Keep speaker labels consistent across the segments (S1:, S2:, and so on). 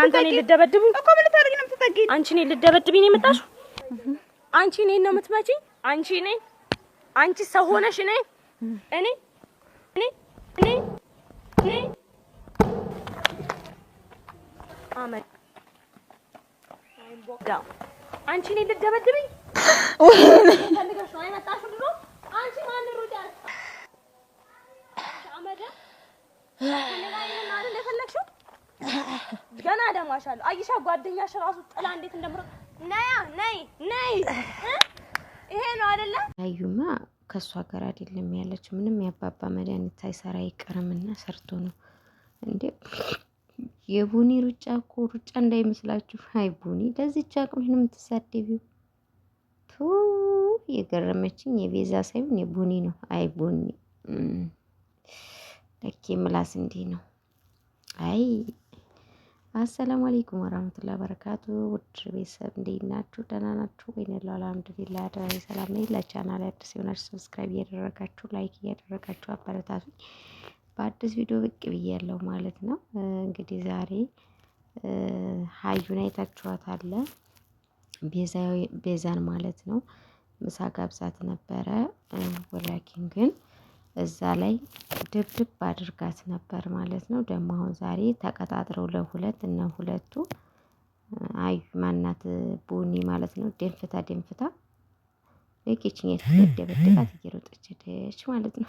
S1: አንተ እኔን ልትደበድብኝ
S2: እኮ ምን ልታደርጊ ነው የምትጠጊኝ?
S1: አንቺ እኔን ልትደበድብኝ ነው የመጣሽው? አንቺ እኔን ነው የምትመጪኝ? አንቺ እኔን አንቺ ሰው ሆነሽ እኔ እኔ እኔ እኔ እኔ አመድ አንቺ እኔን ልትደበድብኝ
S2: ብላሽ ራሱ ጥላ እንዴት እንደምሮ ነያ ነይ ነይ ይሄ ነው አይደለ?
S3: አዩማ ከእሷ ጋር አይደለም ያለችው። ምንም ያባባ መድኃኒት አይሰራ ይቀርምና ሰርቶ ነው እንዴ የቡኒ ሩጫ እኮ ሩጫ እንዳይመስላችሁ። አይ ቡኒ ለዚች አቅምሽ ነው የምትሳደቢው። ቱ የገረመችኝ የቤዛ ሳይሆን የቡኒ ነው። አይ ቡኒ ለኬ ምላስ እንዲህ ነው። አይ አሰላሙ አለይኩም ወራህመቱላሂ ወበረካቱ ውድ ቤተሰብ እንዴት ናችሁ? ደህና ናችሁ ወይ? ነው አልሐምዱሊላህ ደህና ሰላም ነኝ። ለቻናል አዲስ የሆናችሁ ሰብስክራይብ እያደረጋችሁ ላይክ እያደረጋችሁ አበረታቱኝ። በአዲስ ቪዲዮ ብቅ ብያለሁ ማለት ነው። እንግዲህ ዛሬ ሀዩን አይታችኋታል፣ ቤዛን ማለት ነው። ምሳ ጋብዛት ነበረ ወላኪን ግን እዛ ላይ ድብድብ አድርጋት ነበር ማለት ነው። ደግሞ አሁን ዛሬ ተቀጣጥረው ለሁለት እነ ሁለቱ አዩ ማናት ቡኒ ማለት ነው። ደንፍታ ደንፍታ በኬችኛት የተደበደባት እየሮጠች ደች ማለት ነው።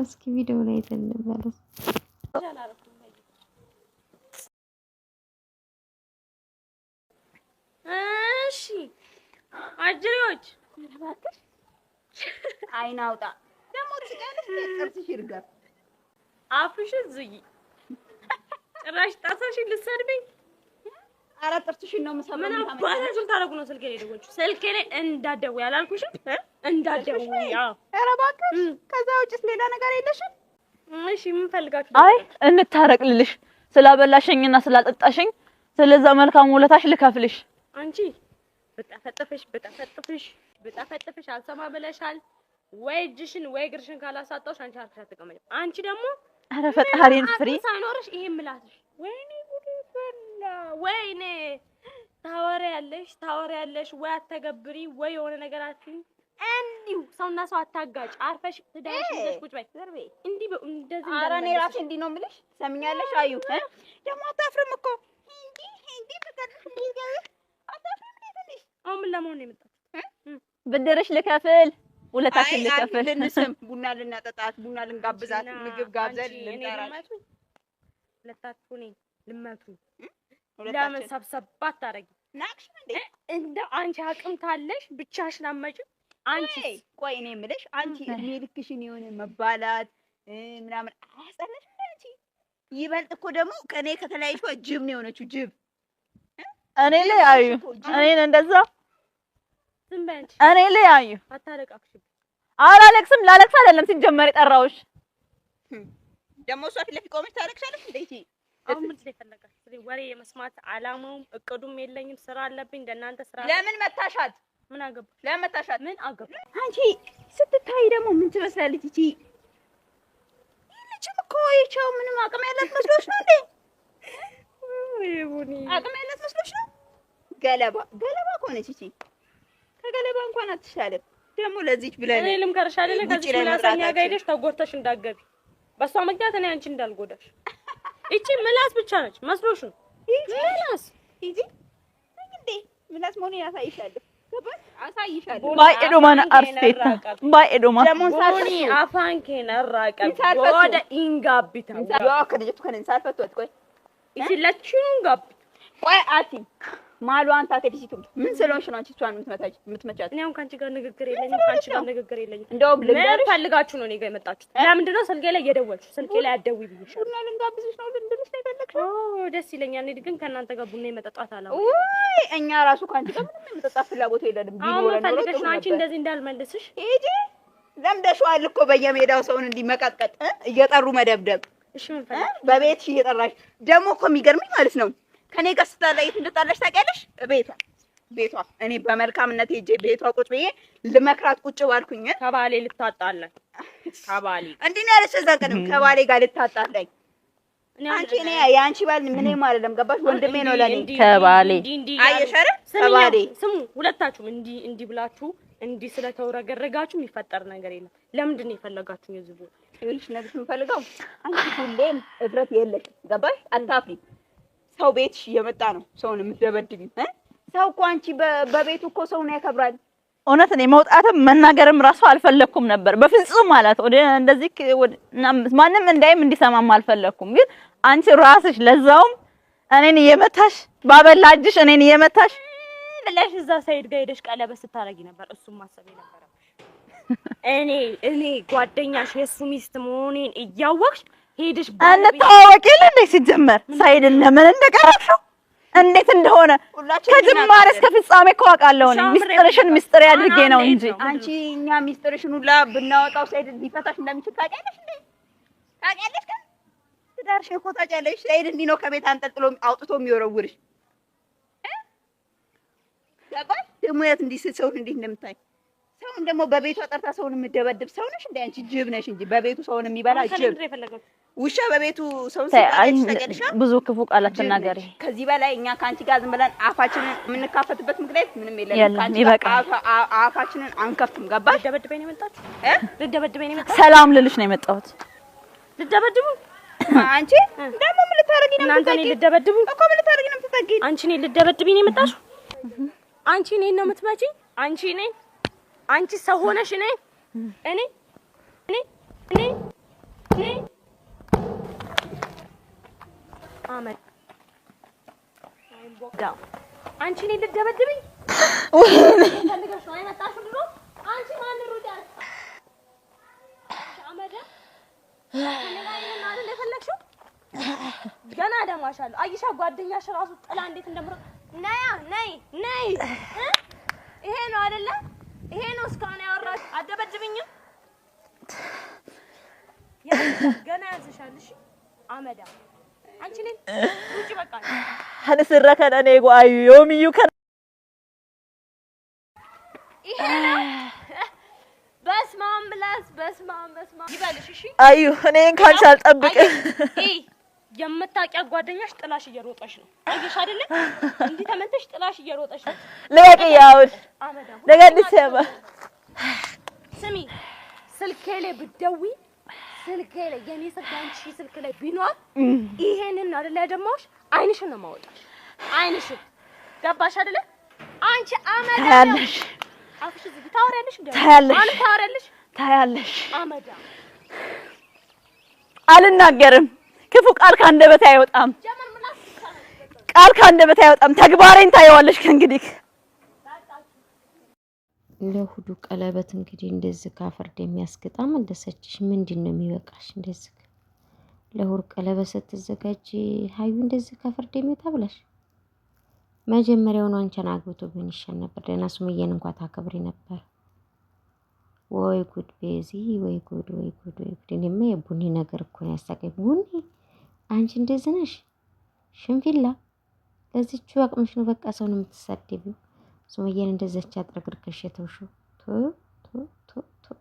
S3: እስኪ ቪዲዮ ላይ እንመለስ።
S2: እሺ አጅሪዎች አይናውጣ አፍሽን ዝጊ። ጭራሽ ጣሳሽን ልትሰድበኝ? ኧረ ጥርስሽን ነው የምሰማው። ምን አባታችሁ ልታደርጉ ነው? ስልኬ ላይ ደወልሽ? ስልኬ ላይ እንዳትደውይ አላልኩሽም? እንዳትደውይ። ኧረ እባክሽ፣ ከዛ ውጭስ ሌላ ነገር የለሽም? እሺ፣ ምን ፈልጋችሁ?
S1: አይ እንታረቅ ልልሽ፣ ስላበላሸኝና ስላጠጣሸኝ፣ ስለዛ መልካም ውለታሽ ልከፍልሽ።
S2: አንቺ ብጣፈጥፍሽ ብጣፈጥፍሽ ብጣፈጥፍሽ አልሰማ ብለሻል። ወይ እጅሽን ወይ እግርሽን ካላሳጣሁሽ አንቺ አርፈሽ አትቀመጭም። አንቺ ደግሞ
S1: ኧረ ፈጣሪን ፍሪ
S2: ሳይኖርሽ ይሄ ምላትሽ ወይኔ ጉዴ ፈላ፣ ያለሽ ታወሪያለሽ ያለሽ ወይ አተገብሪ ወይ የሆነ ነገር አትይም። እንዲሁ ሰውና ሰው አታጋጭ። አርፈሽ ትዳሽ ይዘሽ ቁጭ በይ። እንዲህ እንደዚህ ኧረ እኔ እራሴ እንዲህ ነው የምልሽ። ሰምኛለሽ? አዩ ደግሞ አታፍርም እኮ እንዲህ እንዲህ ተቀድሽ እንዲህ ገብ አታፍርም። ትንሽ አሁን ምን ለመሆን ነው የመጣሁት?
S1: ብድርሽ ልከፍል ሁለታችን ልጨፍር፣
S2: ልንስም፣ ቡና ልናጠጣት፣ ቡና ልንጋብዛት፣ ምግብ ጋብዘን ልንጠራት። ሁለታችሁ ነኝ ልመቱ ለምን ሰብሰባት ታደርጊ ናቅሽ አንቺ አቅም ካለሽ ብቻሽን አትመጭም። አንቺ ቆይ እኔ የምልሽ አንቺ እድሜ ልክሽን የሆነ መባላት ምናምን አያስጠላሽ? አንቺ ይበልጥ እኮ ደግሞ ከእኔ ከተለያዩ ጅብ ነው የሆነችው ጅብ።
S1: እኔ ላይ አዩ እኔን እንደዛ እኔ ልያዩ አላለቅስም። ላለቅስ አይደለም ሲጀመር የጠራሁሽ።
S2: ደግሞ እሷ ፊት ለፊት ቆመች ታለቅሻለች። አሁን ምንድን ነው የፈለጋችሁት? ወሬ የመስማት አላማውም እቅዱም የለኝም። ስራ አለብኝ። እንደናንተ ስራ ለምን መታሻት? ምን አገባሽ? ለምን መታሻት? ምን አገባሽ? አንቺ ስትታይ ደግሞ ምን ትመስላለች? እቺ ይልችም እኮ ይቻው ምንም አቅም ያላት መስሎሽ ነው እንዴ? አቅም ያላት መስሎሽ ነው? ገለባ ገለባ እኮ እቺ ከገለባ እንኳን አትሻለም። ደግሞ ለዚች ብለ እኔ ልምከርሽ አይደለ ከዚህ ምላሰኛ ጋር ሄደሽ ተጎድተሽ እንዳትገቢ በሷ ምክንያት እኔ አንቺ እንዳልጎዳሽ። እቺ ምላስ ብቻ ነች መስሎሽ ነው? ምላስ እንዴ ምላስ ያሳይሻለሁ።
S1: ባይ ባይ ኤዶማ
S2: ማሉ አንተ አትፊሲቱ ምን ስለሆንሽ ነው አንቺ እሷን የምትመታች የምትመቻት? እኔ አሁን ካንቺ ጋር ንግግር የለኝም፣ ካንቺ ጋር ንግግር የለኝም። እንደውም ልንገር ፈልጋችሁ ነው እኔ ጋር የመጣችሁት። ለምንድን ነው ስልኬ ላይ እየደወልሽ? ስልኬ ላይ አትደውይ ብዬሽ ቡና ልንጋብዝሽ ነው ልንድንሽ ነው የፈለግሽ? ኦ ደስ ይለኛል። እኔ ግን ከእናንተ ጋር ቡና የመጠጣት አላውቅም። ውይ እኛ ራሱ ካንቺ ጋር ምንም የመጠጣት ፍላጎት የለንም። ቢኖር ነው ፈልገሽ ነው አንቺ እንደዚህ እንዳልመልስሽ። ሂጂ ለምደሽዋል እኮ በየሜዳው ሰውን እንዲመቀጥቀጥ እየጠሩ መደብደብ። እሺ ምን ፈልገሽ? በቤትሽ እየጠራሽ ደግሞ እኮ የሚገርምኝ ማለት ነው ከኔ ጋር ስትጣላ የት እንደጣላሽ ታውቂያለሽ? ቤቷ ቤቷ እኔ በመልካምነት ሄጄ ቤቷ ቁጭ ብዬ ልመክራት ቁጭ ባልኩኝ ከባሌ ልታጣለኝ ከባሌ እንዲህ ነው ያለች። እዛ ቀንም ከባሌ ጋር ልታጣለኝ አንቺ እኔ የአንቺ ባል ምን አይደለም፣ ገባሽ? ወንድሜ ነው ለኔ ከባሌ አየሸረ ከባሌ ስሙ። ሁለታችሁም እንዲህ እንዲህ ብላችሁ እንዲህ ስለተወረገረጋችሁ የሚፈጠር ነገር የለም። ለምንድን ነው የፈለጋችሁ? የዝቡ ይልሽ ነገር የምፈልገው አንቺ ሁሌም እፍረት የለሽ፣ ገባሽ? አታፍሪ ሰው ቤትሽ እየመጣ ነው ሰውን የምትደበድቢው። ሰው እኮ አንቺ በቤቱ እኮ ሰውን ያከብራል። እውነት እኔ መውጣትም መናገርም ራሱ አልፈለግኩም ነበር በፍጹም ማለት ወደ እንደዚህ ማንም እንዳይም እንዲሰማም አልፈለግኩም። ግን አንቺ ራስሽ ለዛውም እኔን እየመታሽ ባበላጅሽ እኔን እየመታሽ ብለሽ እዛ ሳይድ ጋር ሄደሽ ቀለበት ስታረጊ ነበር። እሱም ማሰብ ነበር እኔ እኔ ጓደኛሽ የእሱ ሚስት መሆኔን እያወቅሽ ሄደሽ እንተዋወቅ እንዴ? ሲጀመር ሳይድን ለምን እንደቀረብሽው እንዴት እንደሆነ ከጅማሬ እስከ ፍጻሜ እኮ አውቃለሁ። ሚስጥርሽን ሚስጥር ያድርጌ ነው እንጂ አንቺ እኛ ሚስጥርሽን ሁላ ብናወጣው ሳይድን ሊፈታሽ እንደሚችል ታውቂያለሽ እንዴ? ታውቂያለሽ ግን ትዳርሽን እኮ ታውቂያለሽ። ሳይድ እንዲህ ነው ከቤት አንጠልጥሎ አውጥቶ የሚወረውርሽ። ደግሞ ያት እንዲህ ሰውን እንዴት እንደምታይ አሁንም ደግሞ በቤቱ ጠርታ ሰውን የምደበድብ ሰው ነሽ እንዴ? አንቺ ጅብ ነሽ እንጂ በቤቱ ሰውን የሚበላ ጅብ፣ ውሻ በቤቱ ሰውን ሲበላ ብዙ ክፉ ቃላት ተናገሪ። ከዚህ በላይ እኛ ከአንቺ ጋር ዝም ብለን አፋችንን የምንካፈትበት ምክንያት ምንም የለም። አፋችንን አንከፍትም። ገባሽ? ልደበድበኝ ነው የመጣሁት እ ልደበድበኝ ነው የመጣሁት ሰላም ልልሽ ነው የመጣሁት። ልደበድቡ አንቺ ደግሞ ምን ልታረጊ ነው? እናንተ እኔ ልደበድቡ እኮ ምን ልታረጊ ነው? የምትጠጊኝ አንቺ እኔ ልደበድብኝ ነው የመጣሽው? አንቺ እኔን ነው የምትመጪኝ? አንቺ እኔን አንቺ ሰው ሆነሽ እኔ እኔ እኔ እኔ እኔ አመድ አንቺ እኔ ልደበድብኝ ገና ደማሻለሁ። አይሻ ጓደኛሽ እራሱ ጥላ እንዴት እንደምሮ ነያ ነይ ነይ ይሄ ነው አይደለም ይሄ ነው እስካሁን ያወራሽ። አትደበድብኝም። ገና ያዝሻል። እሺ አመዳ አንቺ ነኝ ውጪ። በቃ አንስራ ከዳኔ ጓዩ ዮሚዩ ከ ይሄ ነው። በስመ ብላስ በስማም በስማም በስመ ይበልሽ። እሺ አዩ እኔን ካልሽ አልጠብቅም። የምታውቂያ ጓደኛሽ ጥላሽ እየሮጠሽ ነው። አየሽ አይደለ? እንዲህ ተመልተሽ ጥላሽ እየሮጠሽ ነው። ልቀቂ። ያውድ ነገር ልትሰማ ስሚ፣ ስልኬ ላይ ብደዊ ስልኬ ላይ የኔ ስልክ አንቺ ስልክ ላይ ቢኖር ይሄንን አይደለ ያደማሁሽ፣ አይንሽን ነው የማወጣሽ። አይንሽን ገባሽ አይደለ? አንቺ አመዳ ታያለሽ፣ አፍሽ ዝግ ታወሪያለሽ፣ ታያለሽ፣ ታያለሽ። አመዳ አልናገርም ክፉ ቃል ካንደበቴ አይወጣም፣ ቃል ካንደበቴ አይወጣም። ተግባሬን ታየዋለሽ ከእንግዲህ። ለሁሉ ቀለበት እንግዲህ እንደዚህ ካፈርድ የሚያስገጣ መለሰችሽ። ምንድን ነው የሚበቃሽ? እንደዚህ ለሁር ቀለበት ስትዘጋጅ ሀዩ እንደዚህ ካፈርድ የሚታ ብለሽ መጀመሪያውኑ አንቺን አግብቶ ቢሆን ይሻል ነበር። ደህና ሱምዬን እንኳ ታከብሪ ነበር። ወይ ጉድ ቤዚ! ወይ ጉድ! ወይ ጉድ! ወይ ጉድ! እኔማ የቡኒ ነገር እኮ ነው ያሳቀኝ ቡኒ አንቺ እንደዚህ ነሽ ሽንፊላ ለዚቹ አቅምሽ ነው በቃ ሰውን የምትሳደቢው። ሱመያን እንደዘች አጥረግርከሽ የተውሽው ቶ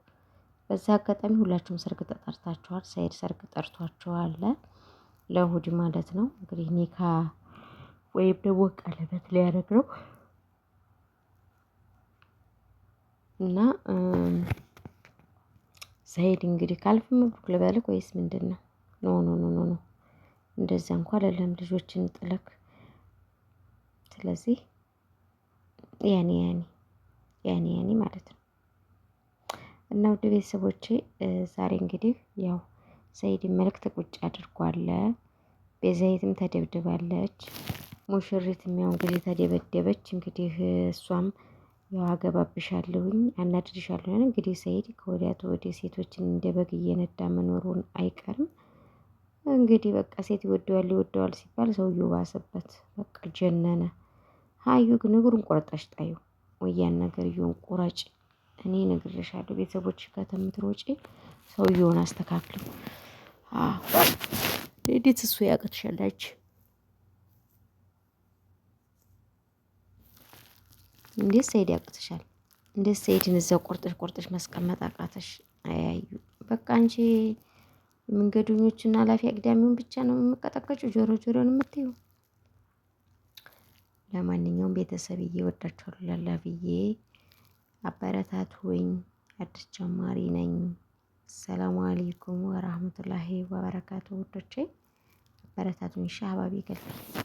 S2: በዛ አጋጣሚ ሁላችሁም ሰርግ ተጠርታችኋል። ሳይድ ሰርግ ጠርቷችኋል ለእሑድ ማለት ነው። እንግዲህ ኒካ ወይም ደግሞ ቀለበት ሊያደርግ ነው እና ሳይድ እንግዲህ ካልፍ ምብሩክ ልበልክ ወይስ ምንድን ነው? ኖ ኖ ኖ ኖ ነው እንደዛ እንኳን አይደለም ልጆችን ጥለክ። ስለዚህ ያኔ ያኔ ያኔ ያኔ ማለት ነው። እና ውድ ቤተሰቦቼ ዛሬ እንግዲህ ያው ሰኢድ መልእክት ቁጭ አድርጓለ። ቤዛይትም ተደብድባለች። ሙሽሪትም ያው እንግዲህ ተደበደበች። እንግዲህ እሷም ያው አገባብሻለሁኝ አናድድሻለሁ እንግዲህ ሰኢድ ከወዲያ ተወዲህ ሴቶችን እንደበግ እየነዳ መኖሩን አይቀርም። እንግዲህ በቃ ሴት ይወደዋል ይወደዋል ሲባል ሰውየው ባሰበት፣ በቃ ጀነነ። ሀዩ ግን እግሩን ቆርጠሽ ጣዩ ወያን ነገር እየሆን ቁረጭ። እኔ እነግርሻለሁ፣ ቤተሰቦች ውጪ ሰውየውን አስተካክለው። እንዴት እሱ ያቅትሻላች? እንዴት ሰይድ ያቅትሻል? እንዴት ሰይድን እዛው ቆርጠሽ ቆርጠሽ ማስቀመጥ አቃተሽ? አያዩ በቃ አንቺ የመንገደኞችና ኃላፊ አግዳሚውን ብቻ ነው የምቀጠቀጭው። ጆሮ ጆሮን የምትዩ ለማንኛውም ቤተሰብዬ ወዳችኋለሁ። ላላ ብዬ አበረታቱኝ። አዲስ ጀማሪ ነኝ። ሰላሙ አሌይኩም ወራህመቱላሂ ወበረካቱ። ውዶቼ አበረታቱኝ። ሻባቢ ይገልፋል።